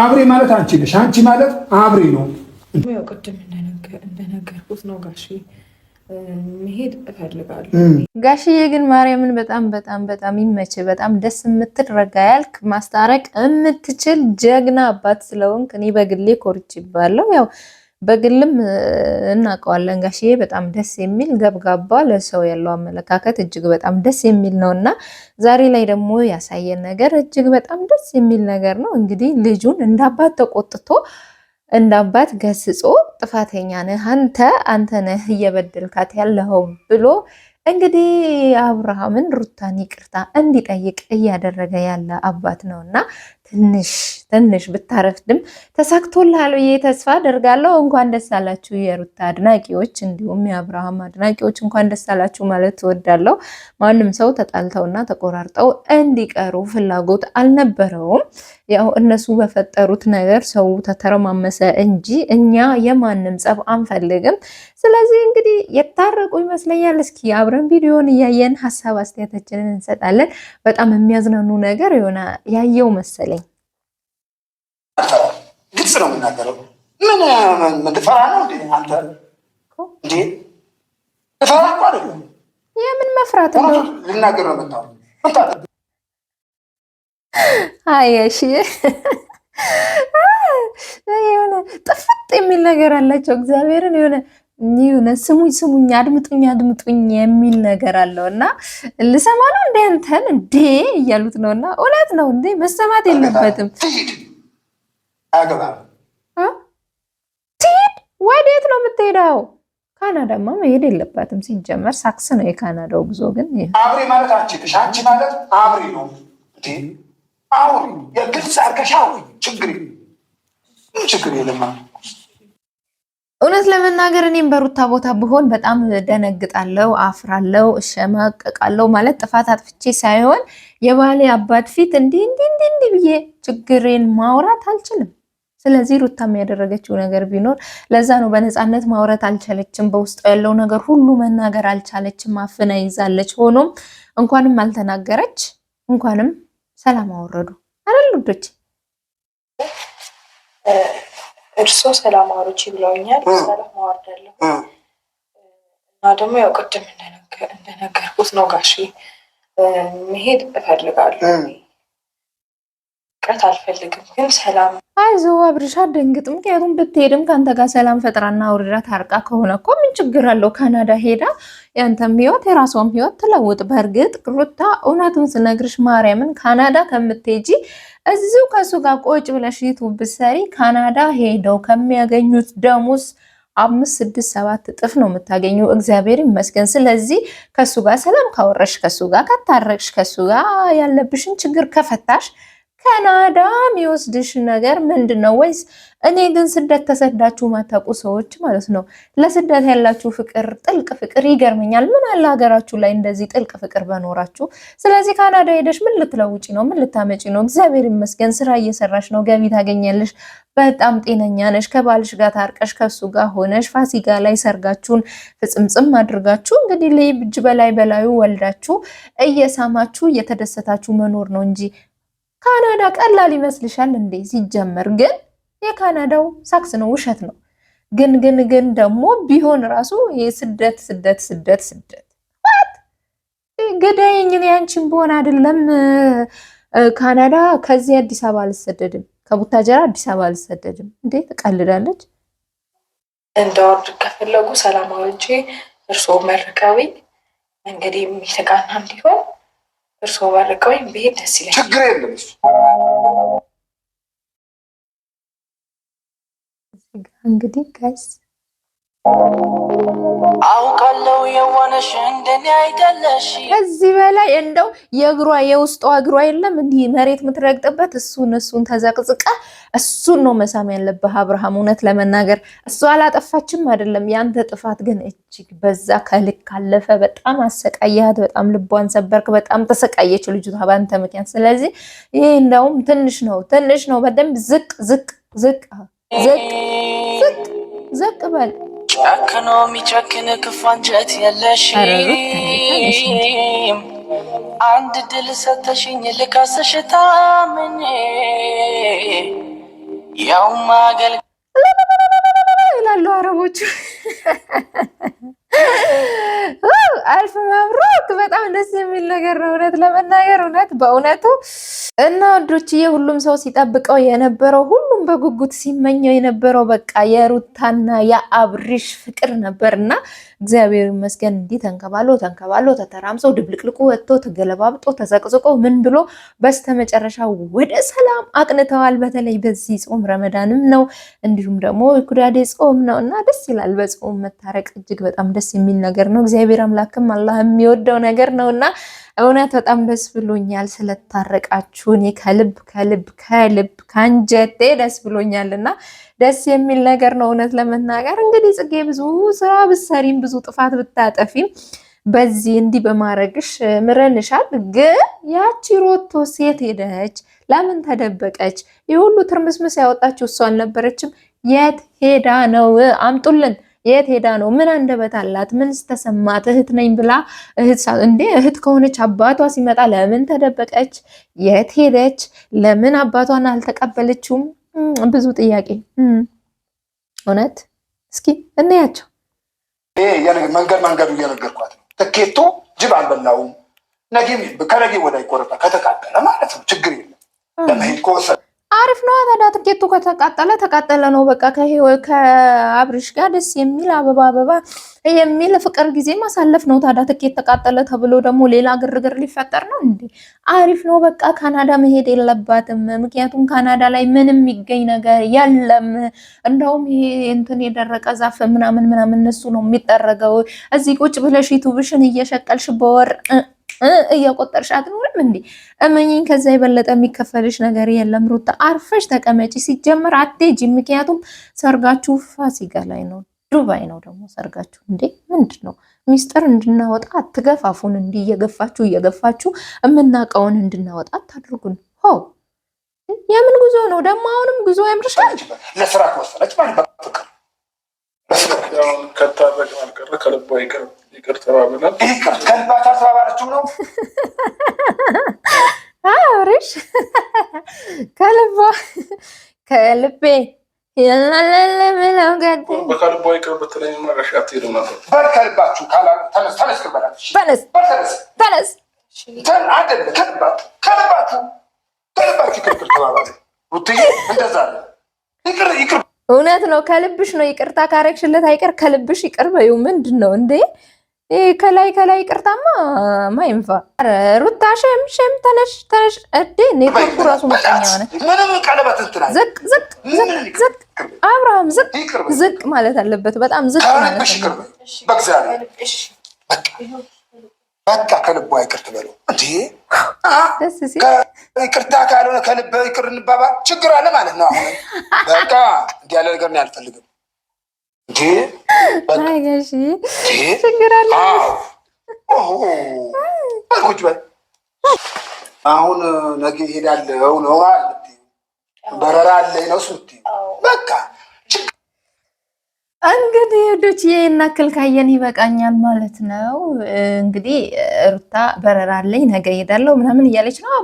አብሬ ማለት አንቺ ነሽ፣ አንቺ ማለት አብሬ ነው። ያው ቅድም እንደነገርኩት ነው ጋሽ መሄድ እፈልጋለሁ። ጋሽዬ ግን ማርያምን በጣም በጣም በጣም ይመች። በጣም ደስ የምትል ረጋ ያልክ ማስታረቅ የምትችል ጀግና አባት ስለሆንክ እኔ በግሌ ኮርች ይባለው ያው በግልም እናውቀዋለን ጋሽዬ በጣም ደስ የሚል ገብጋባ ለሰው ያለው አመለካከት እጅግ በጣም ደስ የሚል ነው እና ዛሬ ላይ ደግሞ ያሳየን ነገር እጅግ በጣም ደስ የሚል ነገር ነው። እንግዲህ ልጁን እንዳባት ተቆጥቶ እንዳባት ገስጾ ጥፋተኛ ነህ አንተ አንተ ነህ እየበደልካት ያለኸው ብሎ እንግዲህ አብርሃምን ሩታን ይቅርታ እንዲጠይቅ እያደረገ ያለ አባት ነው እና ትንሽ ትንሽ ብታረፍድም ተሳክቶልሃል ብዬ ተስፋ አደርጋለሁ። እንኳን ደስ አላችሁ የሩታ አድናቂዎች፣ እንዲሁም የአብርሃም አድናቂዎች እንኳን ደስ አላችሁ ማለት ትወዳለሁ። ማንም ሰው ተጣልተውና ተቆራርጠው እንዲቀሩ ፍላጎት አልነበረውም። ያው እነሱ በፈጠሩት ነገር ሰው ተተረማመሰ እንጂ እኛ የማንም ጸብ አንፈልግም። ስለዚህ እንግዲህ የታረቁ ይመስለኛል። እስኪ አብረን ቪዲዮን እያየን ሀሳብ አስተያየታችንን እንሰጣለን። በጣም የሚያዝናኑ ነገር የሆነ ያየው መሰለኝ ግልጽ ነው የምናገረው። ምን ምን ፈራ ነው እንዴ አንተ እንዴ? ፈራ እኮ አይደለም። የምን መፍራት ነው? ልናገር ነው መጣሁ። አይ እሺ የሆነ ጥፍጥ የሚል ነገር አላቸው። እግዚአብሔርን የሆነ የሆነ ስሙኝ ስሙኝ አድምጡኝ አድምጡኝ የሚል ነገር አለው እና ልሰማ ነው እንደ አንተን እንዴ እያሉት ነው እና እውነት ነው እንዴ መሰማት የለበትም። አያገባም። ትሄድ ወዴት ነው የምትሄደው? ካናዳማ መሄድ የለባትም ሲጀመር ሳክስ ነው የካናዳው ጉዞ። ግን አብሬ ማለት አንቺ ነሽ፣ አንቺ ማለት አብሬ ነው። አሁን የግልጽ አርከሻው ችግር ችግር የለማ እውነት ለመናገር እኔም በሩታ ቦታ ብሆን በጣም ደነግጣለው፣ አፍራለው፣ እሸማቀቃለው። ማለት ጥፋት አጥፍቼ ሳይሆን የባሌ አባት ፊት እንዲህ እንዲህ እንዲህ ብዬ ችግሬን ማውራት አልችልም። ስለዚህ ሩታም ያደረገችው ነገር ቢኖር ለዛ ነው። በነፃነት ማውረት አልቻለችም። በውስጡ ያለው ነገር ሁሉ መናገር አልቻለችም፣ አፍና ይዛለች። ሆኖም እንኳንም አልተናገረች፣ እንኳንም ሰላም አወረዱ አይደል ውዶች? እርሶ ሰላም አውርቺ ብለውኛል። ሰላም አወርዳለሁ እና ደግሞ ያው ቅድም እንደነገርኩት ነው ጋሺ መሄድ እፈልጋለሁ ቀት አልፈልግም፣ ግን ሰላም አይዞ አብርሻ ደንግጥ። ምክንያቱም ብትሄድም ከአንተ ጋር ሰላም ፈጥራና አውርዳ ታርቃ ከሆነ እኮ ምን ችግር አለው? ካናዳ ሄዳ ያንተም ህይወት የራሷም ህይወት ትለውጥ። በእርግጥ ሩታ እውነቱን ስነግርሽ ማርያምን ካናዳ ከምትሄጂ እዚሁ ከእሱ ጋር ቆጭ ብለሽ ዩቱብ ብትሰሪ ካናዳ ሄደው ከሚያገኙት ደሞዝ አምስት ስድስት ሰባት እጥፍ ነው የምታገኘው። እግዚአብሔር ይመስገን። ስለዚህ ከሱ ጋር ሰላም ካወረሽ፣ ከሱ ጋር ከታረቅሽ፣ ከሱ ጋር ያለብሽን ችግር ከፈታሽ ካናዳ የሚወስድሽ ነገር ምንድን ነው? ወይስ እኔ ግን ስደት ተሰዳችሁ ማታውቁ ሰዎች ማለት ነው፣ ለስደት ያላችሁ ፍቅር፣ ጥልቅ ፍቅር ይገርመኛል። ምን አለ ሀገራችሁ ላይ እንደዚህ ጥልቅ ፍቅር በኖራችሁ። ስለዚህ ካናዳ ሄደሽ ምን ልትለውጪ ነው? ምን ልታመጪ ነው? እግዚአብሔር ይመስገን ስራ እየሰራሽ ነው፣ ገቢ ታገኛለሽ፣ በጣም ጤነኛ ነሽ። ከባልሽ ጋር ታርቀሽ ከሱ ጋር ሆነሽ ፋሲጋ ላይ ሰርጋችሁን ፍጽምጽም አድርጋችሁ እንግዲህ ልጅ በላይ በላዩ ወልዳችሁ እየሳማችሁ እየተደሰታችሁ መኖር ነው እንጂ ካናዳ ቀላል ይመስልሻል እንዴ? ሲጀመር ግን የካናዳው ሳክስ ነው፣ ውሸት ነው። ግን ግን ግን ደግሞ ቢሆን ራሱ የስደት ስደት ስደት ስደት ስደት ገዳይኝን ያንቺን በሆን አይደለም ካናዳ ከዚህ አዲስ አበባ አልሰደድም፣ ከቡታጀራ አዲስ አበባ አልሰደድም። እንዴ ትቀልዳለች። እንደወርድ ከፈለጉ ሰላማዊ እርሶ መርቀዊ እንግዲህ የሚተጋና እንዲሆን እርስዎ ባረቀው ብሄድ ደስ ይለኛል። ችግር የለም። እሱ እንግዲህ ጋይስ አውቃለው የዋነሽ እንደኔ አይደለሽ። ከዚህ በላይ እንደው የእግሯ የውስጧ እግሯ የለም እንዲህ መሬት የምትረግጥበት እሱን እሱን ተዘቅዝቀ እሱን ነው መሳም ያለብህ አብርሃም። እውነት ለመናገር እሱ አላጠፋችም አይደለም፣ ያንተ ጥፋት ግን እጅግ በዛ፣ ከልክ አለፈ። በጣም አሰቃያት፣ በጣም ልቧን ሰበርክ፣ በጣም ተሰቃየች ልጅቷ በአንተ ምክንያት። ስለዚህ ይህ እንደውም ትንሽ ነው ትንሽ ነው። በደንብ ዝቅ ዝቅ ዝቅ ዝቅ ዝቅ በል ጨክኖ የሚጨክን ክፉ አንጀት የለሽም። አንድ ድል ሰተሽኝ ልካሰሽ ታምኜ ያውም አገል ይላሉ አረቦቹ። አልፍ መብሩክ በጣም ደስ የሚል ነገር ነው እውነት ለመናገር እውነት በእውነቱ እና ወዶችዬ ሁሉም ሰው ሲጠብቀው የነበረው ሁሉም በጉጉት ሲመኘው የነበረው በቃ የሩታና የአብሪሽ ፍቅር ነበርና እግዚአብሔር ይመስገን እንዲህ ተንከባሎ ተንከባሎ ተተራምሶ ድብልቅልቁ ወጥቶ ተገለባብጦ ተዘቅዝቆ ምን ብሎ በስተመጨረሻ ወደ ሰላም አቅንተዋል። በተለይ በዚህ ጾም ረመዳንም ነው እንዲሁም ደግሞ ኩዳዴ ጾም ነው እና ደስ ይላል። በጾም መታረቅ እጅግ በጣም ደስ የሚል ነገር ነው። እግዚአብሔር አምላክም አላህ የሚወደው ነገር ነው እና እውነት በጣም ደስ ብሎኛል ስለታረቃችሁ እኔ ከልብ ከልብ ከልብ ከአንጀቴ ደስ ብሎኛል እና ደስ የሚል ነገር ነው። እውነት ለመናገር እንግዲህ ጽጌ ብዙ ስራ ብትሰሪም ብዙ ጥፋት ብታጠፊም በዚህ እንዲህ በማድረግሽ ምረንሻል። ግን ያቺ ሮቶ ሴት ሄደች፣ ለምን ተደበቀች? የሁሉ ትርምስምስ ያወጣችው እሷ አልነበረችም? የት ሄዳ ነው? አምጡልን የት ሄዳ ነው? ምን አንደበት አላት? ምን ተሰማት እህት ነኝ ብላ እህት እንዴ እህት ከሆነች አባቷ ሲመጣ ለምን ተደበቀች? የት ሄደች? ለምን አባቷን አልተቀበለችውም? ብዙ ጥያቄ እውነት እስኪ እንያቸው። መንገድ መንገዱ እየነገርኳት ነው። ትኬቱ ጅብ አልበላውም። ከነጌ ወዳይ ይቆረጣ ከተቃጠለ ማለት ነው ችግር የለም ለመሄድ ከወሰደ ኬቱ ከተቃጠለ ተቃጠለ ነው በቃ። ከአብርሽ ጋር ደስ የሚል አበባ አበባ የሚል ፍቅር ጊዜ ማሳለፍ ነው። ታዲያ ትኬት ተቃጠለ ተብሎ ደግሞ ሌላ ግርግር ሊፈጠር ነው እንዴ? አሪፍ ነው በቃ። ካናዳ መሄድ የለባትም ምክንያቱም ካናዳ ላይ ምንም የሚገኝ ነገር የለም። እንደውም ይሄ እንትን የደረቀ ዛፍ ምናምን ምናምን እነሱ ነው የሚጠረገው። እዚህ ቁጭ ብለሽ ዩቱብሽን እየሸቀልሽ በወር እየቆጠርሽ አትኖርም እንዴ? እመኝኝ፣ ከዛ የበለጠ የሚከፈልሽ ነገር የለም። ሩታ አርፈሽ ተቀመጪ። ሲጀመር አትሄጂም፣ ምክንያቱም ሰርጋችሁ ፋሲጋ ላይ ነው፣ ዱባይ ነው ደግሞ ሰርጋችሁ። እንዴ ምንድን ነው ሚስጥር እንድናወጣ አትገፋፉን። እንዲህ እየገፋችሁ እየገፋችሁ የምናውቀውን እንድናወጣ አታድርጉን። ሆ የምን ጉዞ ነው ደግሞ? አሁንም ጉዞ ያምርሻል። ለስራ ከወሰነች ማለት በፍቅር ከታረቅ አልቀረ ከልቧ ይቅር ይቅር ተባብላል። ከልባታ ተባባለችው ነው አብርሽ ከልቧ ከልቤ የለለለምለው ገ ከልቧ ይቅር ብትለኝ ማረሻ ትሄድ ነበር። ከልባችሁ ተነስ ተነስ ተነስ ተነስ ይቅር እውነት ነው። ከልብሽ ነው ይቅርታ ካረግሽለት አይቀር ከልብሽ ይቅር በይው። ምንድን ነው እንዴ? ከላይ ከላይ ይቅርታማ ማይንፋ ሩታ ሸም ሸም ተነሽ ተነሽ። እዴ ኔትወርኩ ራሱ መጠኛ ሆነ። ዝቅ ዝቅ ዝቅ አብርሃም ዝቅ ዝቅ ማለት አለበት። በጣም ዝቅ ማለት አለበት። በቃ ከልቦ ይቅር ትበሉ እንዴ? ይቅርታ ካልሆነ ከልበ ይቅር እንባባል ችግር አለ ማለት ነው። አሁን በቃ እንዲህ ያለ ነገር አልፈልግም። እንዴ ችግር አለ አሁን ነገ ይሄዳለው ነው በረራ አለኝ ነው ሱ በቃ እንግዲህ ዶች የናክል ካየን ይበቃኛል ማለት ነው። እንግዲህ ሩታ በረራ አለኝ ነገ እሄዳለሁ ምናምን እያለች ነው።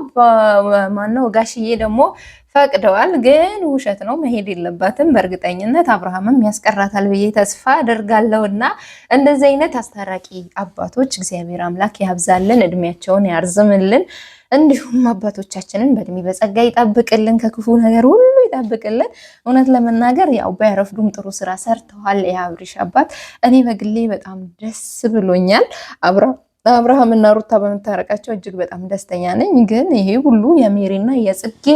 ማነው ጋሽዬ ደግሞ ፈቅደዋል፣ ግን ውሸት ነው መሄድ የለባትም በእርግጠኝነት አብርሃምም ያስቀራታል ብዬ ተስፋ አደርጋለሁ። እና እንደዚህ አይነት አስታራቂ አባቶች እግዚአብሔር አምላክ ያብዛልን፣ እድሜያቸውን ያርዝምልን፣ እንዲሁም አባቶቻችንን በእድሜ በጸጋ ይጠብቅልን ከክፉ ነገር ሁሉ ይጠብቅልን። እውነት ለመናገር ያው ባይረፍዱም ጥሩ ስራ ሰርተዋል የአብሪሽ አባት። እኔ በግሌ በጣም ደስ ብሎኛል አብራ አብርሃም እና ሩታ በምታረቃቸው እጅግ በጣም ደስተኛ ነኝ። ግን ይሄ ሁሉ የሜሪና የጽጌ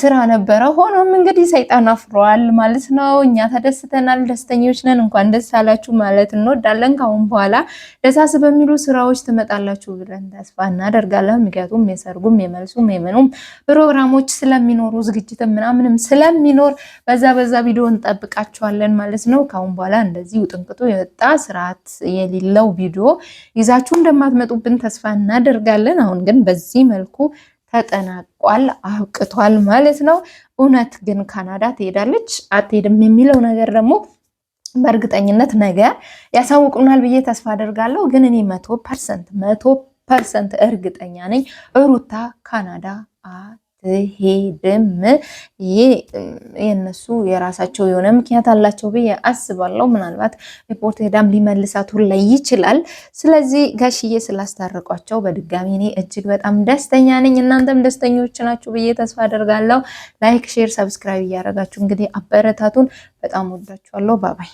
ስራ ነበረ። ሆኖም እንግዲህ ሰይጣን አፍሯል ማለት ነው። እኛ ተደስተናል፣ ደስተኞች ነን። እንኳን ደስ አላችሁ ማለት እንወዳለን። ካሁን በኋላ ደሳስ በሚሉ ስራዎች ትመጣላችሁ ብለን ተስፋ እናደርጋለን። ምክንያቱም የሰርጉም የመልሱም የምኑም ፕሮግራሞች ስለሚኖሩ ዝግጅትም ምናምንም ስለሚኖር በዛ በዛ ቪዲዮ እንጠብቃችኋለን ማለት ነው። ካሁን በኋላ እንደዚህ ውጥንቅጡ የወጣ ስርዓት የሌለው ቪዲዮ ይዛችሁ እንደማትመጡብን ተስፋ እናደርጋለን። አሁን ግን በዚህ መልኩ ተጠናቋል፣ አብቅቷል ማለት ነው። እውነት ግን ካናዳ ትሄዳለች አትሄድም የሚለው ነገር ደግሞ በእርግጠኝነት ነገ ያሳውቁናል ብዬ ተስፋ አደርጋለሁ። ግን እኔ መቶ ፐርሰንት መቶ ፐርሰንት እርግጠኛ ነኝ ሩታ ካናዳ አትሄድም። ይህ የእነሱ የራሳቸው የሆነ ምክንያት አላቸው ብዬ አስባለሁ። ምናልባት ሪፖርት ሄዳም ሊመልሳቱ ላይ ይችላል። ስለዚህ ጋሽዬ ስላስታረቋቸው በድጋሚ እኔ እጅግ በጣም ደስተኛ ነኝ። እናንተም ደስተኞች ናችሁ ብዬ ተስፋ አደርጋለሁ። ላይክ፣ ሼር፣ ሰብስክራይብ እያደረጋችሁ እንግዲህ አበረታቱን። በጣም ወዳችኋለሁ። ባባይ